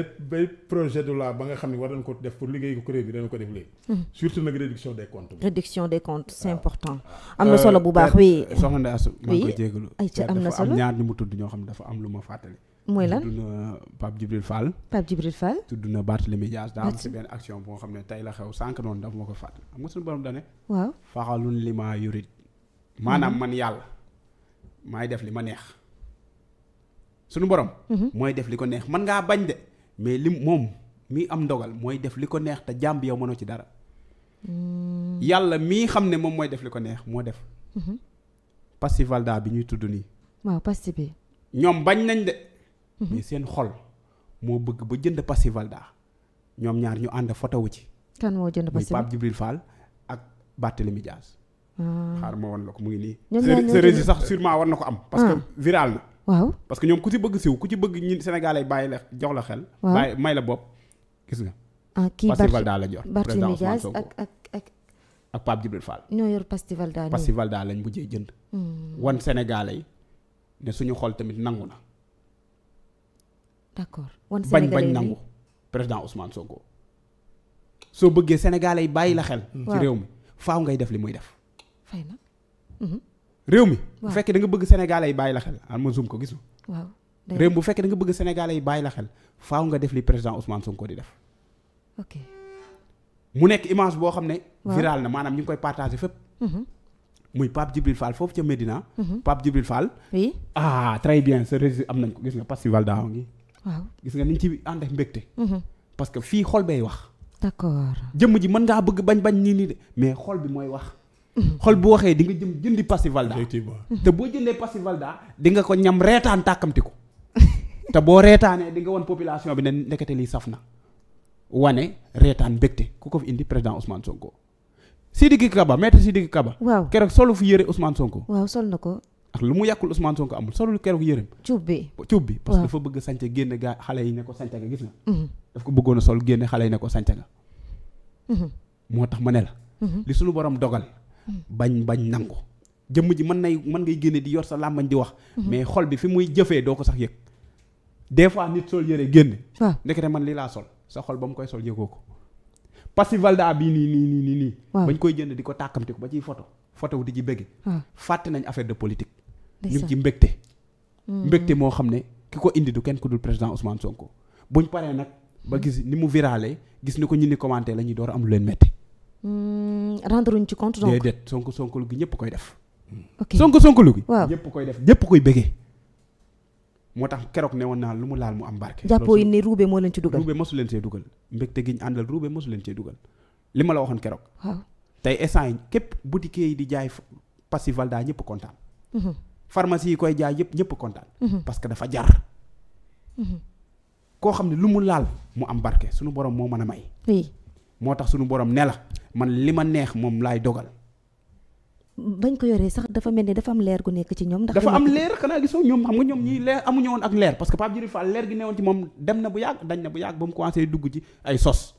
bay projet ba nga xam ne war nañ ko def pour liggéey ko kuréel bi ko def léegi. Hmm. surtout nag réduction des comptes. réduction des comptes c'est important. Ah. am na solo bu baax euh, oui. soxna Ndeye Assou maa ngi mu tudd ñoo xam ne dafa am lu ma fàttali. mooy lan tudd na euh, Pape Djibril Fall. Pape Djibril Fall. tudd na Barthélémy Dias daa am si benn action boo xam ne tey la xew sànq noonu dafa ma ko fàttali xam nga suñu borom da ne. waaw faxalun li ma yurit. maanaam man yàlla maay def li ma neex. suñu borom. Mhm. mooy def li ko neex man ngaa mais li moom mi am ndogal mooy def li ko neex te jàmm bi yow mënoo ci dara. Hmm. yàlla mii xam ne moom mooy def li ko neex moo def. Mhm. pasti valda bi ñuy tudd nii. waaw pasti bi. ñoom bañ nañ de. Mhm. mais seen xol moo bëgg ba jënd pasti valda ñoom ñaar ñu ànd photo wu ci. kan moo jënd pasti bi Pape Djibril Fall ak Barthélémy Dias. Ah. xaar ma wan la ko mu ngi nii. ñoom ñaar ñoo sax sûrement war na ko am. parce ah. viral na. waaw parce que ñoom ku ci bëgg siw ku ci bëgg ñi Sénégalais bàyyi la jox la xel. waaw may la bopp gis nga. ah kii Pastivalda la jox Barthélémy ak ak ak. ak Pape Djibril Fall. ñoo yor Pastivalda. Pastivalda lañ mujjee jënd. Hmm. wan Sénégalais yi ne suñu xol tamit nangu na. wan Sénégalais bañ bañ nangu président Ousmane Sonko. soo bëggee Sénégalais yi bàyyi la xel. Hmm. ci réew mi faaw ngay def li muy def. réew mi. bu fekkee da nga bëgg Sénégalais yi bàyyi la xel ah ma zoom ko gis nga. waaw réew ne. viral na maanaam ñu ngi koy partagé fépp. Mhm. muy Pape Djibril Fall foofu ca Medina. Mhm. Pape Djibril Fall. oui ah très bien sa résultat am nañ ko gis nga Pastival daaw ngi. waaw gis nga niñ ci ànd ak mbégte. Mhm. parce fii xol bay wax. jëmm ji mën ngaa bëgg bañ bañ nii nii de mais xol bi mooy wax. xol bu waxee di nga jëm jëndi pasti valda te boo jëndee pasti valda di nga ko ñam reetaan tàkkamti ko te boo reetaanee di nga won population bi ne ndekete lii saf na wane reetaan mbégte ku ko fi indi président Ousmane Sonko. Sidiki Kaba maître Sidiki Kaba. waaw keroog solu fu yëre Ousmane Sonko. waaw sol na ko. ak lu mu yàqul Ousmane Sonko amul solul keroog yërëm. cuub bi cuub bi parce que dafa bëgg sànce génne gaa xale yi ne ko sànce nga gis nga. Mm-hmm. daf ko bëggoon a sol génne xale ne ko sànce nga. Mm-hmm. moo tax ma ne la. Mm-hmm. li bañ bañ nangu jëmm ji mën nay mën ngay génne di yor sa làmbañ di wax mhm. mais xol bi fi muy jëfee doo ko sax yëg des fois nit sol yëre génn ndekete man lii laa sol sa xol ba mu koy sol yëgoo ko Passivalda bii nii nii nii nii nii koy jënd di ko tàkkamti ko ba ciy foto photo wu di ci bëgge fàtte nañ affaire de politique ñu ngi ci mbégte mhm. mbégte moo xam ne ki ko indi du kenn ku dul président Ousmane Sonko buñ paree nag ba gis ni mu virale gis ni ko ñu ni commenté la ñuy door am leen metti Mm, rendre ñu ci compte donc déedéet sonko sonkolu gi ñëpp koy def. ok sonko sonkolu gi. waaw ñëpp koy def ñëpp koy bëggee. moo tax keroog ne woon naa lu mu laal mu am barke. jàppoo yi ne moo leen ci dugal ruube mosu leen àndal ruube mosu leen see dugal li ma la waxoon keroog. waaw tey instant yi képp boutique yi di jaay Passy Valda ñëpp kontaan. Mhm. pharmacie yi koy jaay yëpp ñëpp kontaan. Mhm. parce que dafa jar. Mhm. koo xam ne lu mu laal mu am barke sunu borom moo mën a may. moo tax suñu boroom ne la man li ma neex moom laay dogal. bañ ko yoree sax dafa mel ni dafa am leer gu nekk ci ñoom. ndax dafa am leer xanaa gisoo ñoom xam nga ñoom ñii leer amuñu woon ak leer parce que Pape Djibril Fall leer gi newoon ci moom dem na bu yàgg dañ na bu yàgg ba mu commencé dugg ci ay sos.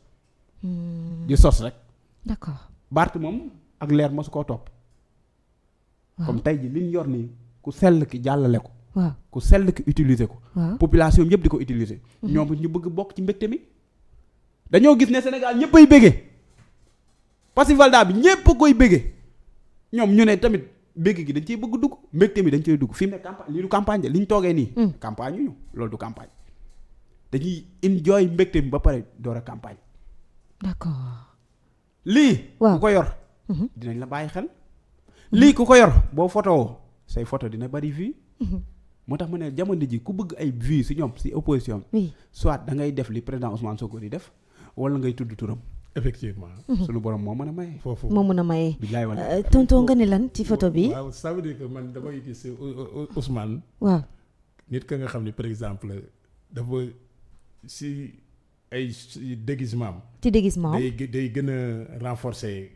Hmm. di sos rek. d'accord Barth moom ak leer mosu koo topp. comme tey ji li ñu yor nii ku sell ki jàllale ko. waaw ku sell ki utiliser ko. population yëpp di ko utiliser. Hmm. ñoom ñu bëgg bokk ci mbégte mi. dañoo gis ne Sénégal ñëpp ay béggee Passivalda bi ñëpp a koy béggee ñoom ñu ne tamit bégg gi dañ ciy bëgg dugg mbégte mi dañ ciy dugg fii mu ne campagne lii du campagne de li ñu toogee nii. Mm. campagne loolu du campagne dañuy enjoy mbégte mi ba pare door a campagne. lii. ku ko yor. Mm-hmm. dinañ la bàyyi xel. lii ku ko yor boo photo say foto dina bari vie. Mm-hmm. moo tax mu ne jamono ji ku bëgg ay vie si ñoom si opposition. soit da ngay def li président Ousmane Sonko di def. wala ngay tudd turam. effectivement. lu mhm. borom moo mën a maye. foofu moo mën a maye. bilaay wala euh, tonton nga ne lan ci photo bi. waaw ça veut dire que man damay gis euh, euh, Ousmane. waaw nit ka nga xam ne par exemple dafa si ay déguisement ci déguisement day day gën a renforcer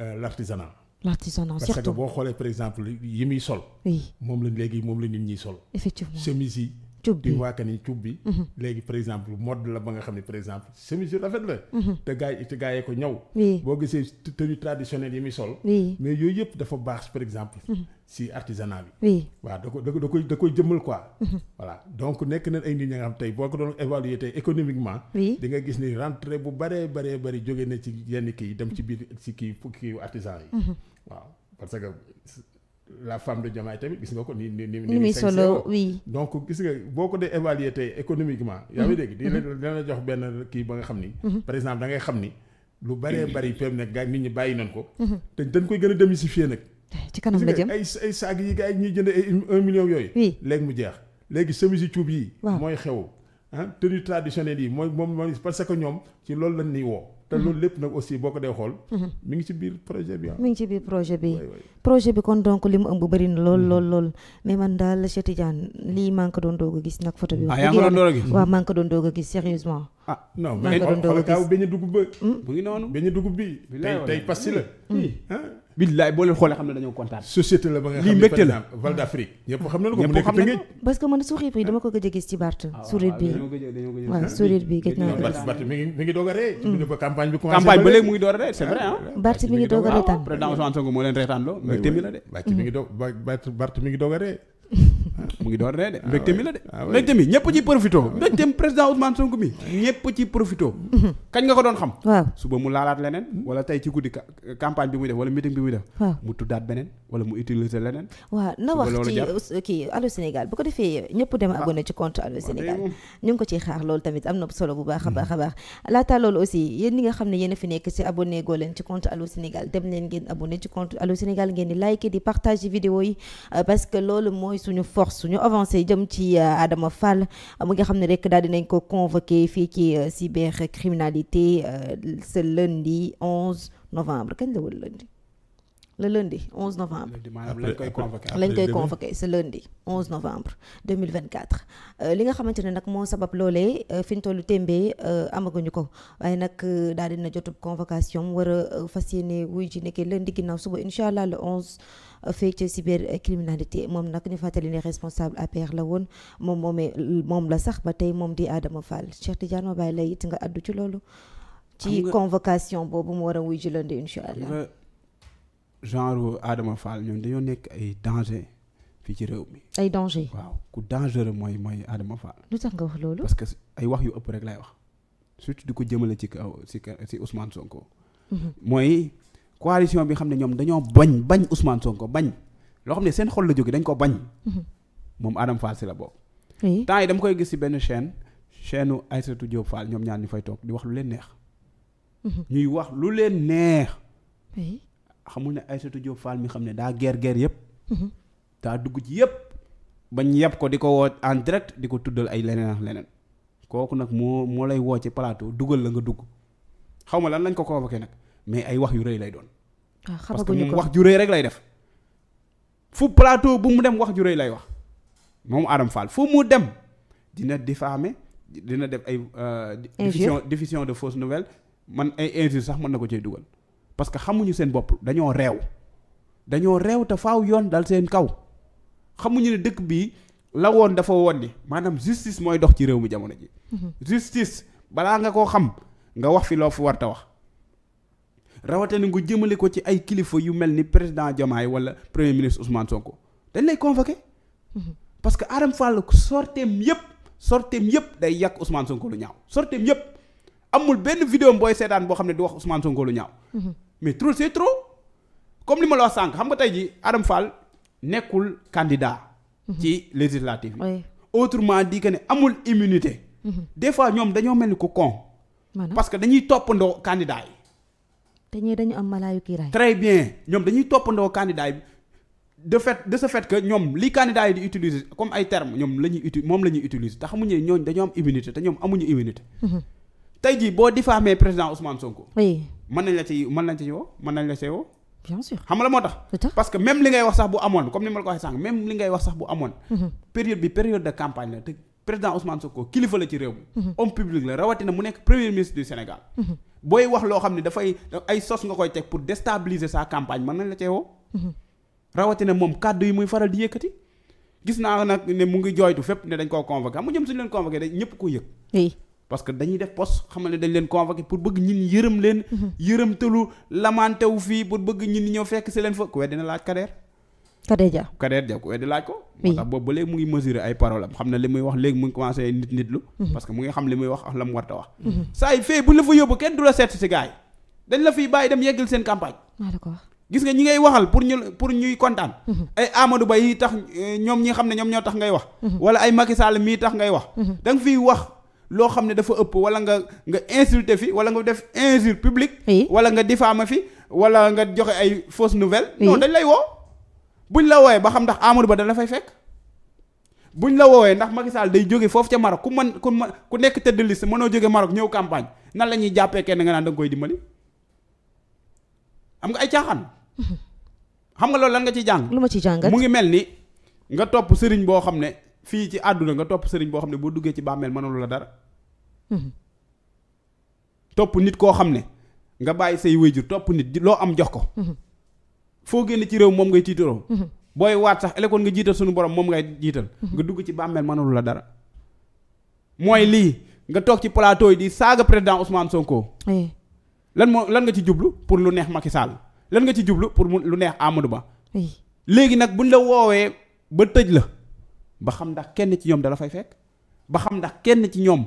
l' artisanat. l' artisanat surtout boo xoolee par exemple yi muy sol. moom la léegi moom la nit ñi sol. effectivement chemise yi. cub bi di waa ni cub bi. Mhm. léegi par exemple mode la ba nga xam ne par exemple chemise yu la. Mhm. te gaa te gaa ko ñëw. boo gisee tenue traditionnelle yi muy sol. mais yooyu yëpp dafa baax par exemple. Mhm. si artisanat bi. waaw da ko da koy da koy jëmmal quoi. voilà donc nekk na ay nga xam tey boo ko doon évaluer tey économiquement. di nga gis ni rentrée bu baree baree bari jóge na ci yenn kii dem ci biir si kii artisan yi. waaw la femme de Diomaye tamit gis nga ko ni ni ni ni muy solo oui donc gis nga boo ko dee évaluer tey économiquement yaa ngi mhm. dégg di mhm. dina jox benn kii ba nga xam ni mhm. par exemple da xam ni lu bëree bëri pem nag gaa nit ñi bàyyi nañ ko te dañ koy gën a démystifier nag eh, ci kanam la jëm ay saag yi gaa yi ñuy jënd un million yooyu léegi mu jeex léegi semis yi cuub yi mooy xew ah tenue traditionnelle yi mooy moom mooy parce que ñoom ci loolu lañ ni woo te mhm. loolu lépp nag aussi boo ko dee xool. Mhm. mi ngi ci biir projet bi ah. mi ngi ci biir projet bi. projet bi kon donc li mu ëmb bëri na lool mhm. lool lool. mais man daal Cheikh Tidiane lii maa doon doog a gis nag photo bi. ah yaa doon doog a gis waaw maa doon doog a gis sérieusement. ah non mais xoolal kaaw beñu dugub ba. mu hmm? ngi noonu beñu dugub tey tey billaay boo leen xam ne dañoo kontaan. société la ba nga xam ne lii mbégte la Val d'Afrique. ñëpp xam nañu ko mu nekk ko gëj gis ci Bart. Ah, sourire bi waaw sourire bi gëj naa ko gis. ngi mi a ree. Hmm. ci mu ngi doog a ree c'est ah, vrai ah. Bart mi ngi moo leen reetaan loo mbégte mi la de. Bart mi ngi doog a ree mu ngi doon ree de ah mbégte mi la de ah mbégte mi ñëpp ci profito mbégte mi président Ousmane Sonko mi ñëpp ci profito mhm. kañ nga ko doon xam suba mu laalaat leneen mhm. wala tey ci guddi campagne bi muy def wala meeting bi muy def mu tuddaat beneen wala mu utiliser waaw na wax ci uh, kii Allô Sénégal bu ko defee ñëpp dem ah. abonné ci compte Allô Sénégal ñu ngi ko ciy xaar loolu tamit am na solo bu baax a baax a hmm. baax laata loolu aussi yéen ñi nga xam ne yéen fi nekk ci abonné goo leen ci compte Allô Sénégal dem leen ngeen abonné ci compte Allô Sénégal ngeen di liker di partager vidéo yi euh, parce que loolu mooy suñu force suñu avancé jëm ci euh, Adama fàll mu nga xam ne rek daal nañ ko convoqué fii ci euh, cybercriminalité ce lundi 11 novembre kañ la woon lundi le lundi 11 novembre. lañ koy convoqué lañ koy convoqué ce lundi 11 novembre 2024. Euh, li nga xamante ne nag moo sabab loole euh, fi ñu tollu témbee euh, amaguñu ko waaye nag daal dina jotub convocation war a fas yéene wuy ji nekkee lundi ginnaaw suba incha allah le 11. fee ci cybercriminalité moom nag ñu fàttali ne responsable APR la woon moom moom la sax ba tey moom di Adama Fall Cheikh Tidiane ma bàyyi la it nga addu ci loolu. ci convocation boobu mu war a wuy ji lundi incha allah. genre Adama Fall ñoom dañoo nekk ay danger fii ci réew mi. ay danger waaw ku dangereux mooy mooy Adama Fall. lu tax nga wax loolu. parce que ay wax yu ëpp rek lay wax surtout di ko jëmale ci kaw si si Ousmane Sonko. Mhm. mooy coalition bi xam ne ñoom dañoo bañ bañ Ousmane Sonko bañ loo xam ne seen xol la jóge dañ ko bañ. Mhm. moom Adama Fall si la bokk. temps yi dama koy gis si benn chaîne chaîne u Aïssatou Diop Fall ñoom ñaar ñu fay toog di wax lu leen neex. Mhm. ñuy wax lu leen neex. xamul ne Aïssatou Diop Fall mi xam ne daa geer geer yëpp. Mhm. daa dugg ci yëpp. bañ yàpp ko di ko woo en direct di ko tuddal ay leneen leneen kooku nag moo moo lay woo ci palaato dugal la nga dugg xaw ma lan lañ ko convoqué nag mais ay wax yu rëy lay doon. Ah, parce que moom wax ju rek lay def. fu plateau bu mu dem wax ju lay wax moom Adama Fall fu mu dem dina diffamer dina def ay. Euh, diffusion diffusion de fausses nouvelles man ay injures sax mën na ko cay dugal. parce que xamuñu seen bopp dañoo reew dañoo réew te faaw yoon dal seen kaw xamuñu ne dëkk bi la woon dafa won ni maanaam justice mooy dox ci réew mi jamono ji. Mhm. justice balaa nga koo xam nga wax fi loo fi war ta wax. rawatina nga jëmale ko ci ay kilifa yu mel ni président yi wala premier ministre Ousmane Sonko dañ lay convoqué. Mhm. parce que Arame Fall sorteem yëpp sorteem yëpp day yàq Ousmane Sonko lu ñaaw sorteem yëpp amul benn vidéo booy seetaan boo xam ne du wax Ousmane Sonko lu ñaaw. Mhm. mais trop c'est trop comme li ma la wax sànq xam nga tey ji Adam Fall nekkul candidat ci législative yi autrement dit que ne amul immunité mhm. des fois ñoom dañoo mel ni ko con parce que dañuy toppandoo candidat yi te ñii dañu am malaayu kiiraay très bien ñoom dañuy toppandoo candidat yi de fait de ce fait que ñoom li candidat yi di utiliser comme ay termes ñoom la ñuy uti moom la ñuy utiliser te xamuñu ne ñooñu dañoo am immunité te ñoom amuñu immunité mhm. tey jii boo man nañ la ci mën nañ ci woo mën nañ la ci woo bien sûr xam nga la moo tax parce que même li ngay wax sax bu amoon comme ni ma la ko waxee sànq même li ngay wax sax bu amoon mm-hmm. période bi période de campagne la te président Ousmane Sonko kilifa la ci réew mi mm-hmm. homme public la rawatina mu nekk premier ministre du Sénégal mm-hmm. booy wax loo xam ne dafay ay sos nga koy teg pour déstabiliser sa campagne mën nañ la cee woo rawatina moom kàddu yi muy faral di yëkkati g naa nag ne mu ngi jooytu fépp ne dañ koo convoqué xam nga ñoom suñu leen parce que dañuy def poste xamal ne dañ leen convoqué pour bëgg ñin yërëm leen mhm. yërëmtalu lamante fii pour bëgg ñin ñi fekk si leen fa ku dina laaj Kader Kader Dia Kader Dia ku weddi laaj ko moo tax boobu ba léegi mu ngi mesurer ay parole xam na li muy wax léegi mu ngi commencé nit nit lu mhm. parce mu ngi xam li muy wax ak la mu war a wax mhm. saa yi fee bu la fa yóbbu kenn du la seet si gars dañ la fiy bàyyi dem yeggal seen campagne ah, gis nga ñi ngay waxal pour ñu pour ñuy kontaan ay Amadou Ba ñi xam ne ñoom ñoo tax ngay wax wala ay Macky Sall mii tax ngay wax loo xam ne dafa ëpp wala nga nga insulté fi wala nga def injure publique wala nga diffama fi wala nga joxe ay fausse nouvelle non dañ lay woo buñ la woowee ba xam ndax Amadou Ba da la fay fekk buñ la woowee ndax Macky Sall day jóge foofu ca Maroc ku man ku mën ku nekk tëdd liste mënoo jóge marok ñëw campagne nan la ñuy jàppee kenn nga naan da koy dimbali am nga ay caaxaan xam nga loolu lan nga ci jàng lu ma ci jàngat mu ngi mel ni nga topp sëriñ boo xam ne fii ci àdduna nga topp sëriñ boo xam ne boo duggee ci bàmmeel mënalu la dara mhm. topp nit koo xam ne nga bàyyi say wéyjur topp nit loo am jox ko mhm. foo génn ci réew moom ngay tiitaroo mhm. booy waat sax elekoon nga jiital suñu borom moom ngay jiital nga dugg ci bàmmeel mënalu la dara mooy lii nga toog ci plateau yi di saaga président Ousmane Sonko eh. lan moo lan nga ci jublu pour lu neex Macky Sall lan nga ci jublu pour lu neex Amadou Ba eh. léegi nag buñ la woowee ba tëj la ba xam ndax kenn ci ñoom dala fay fekk ba xam ndax kenn ci ñoom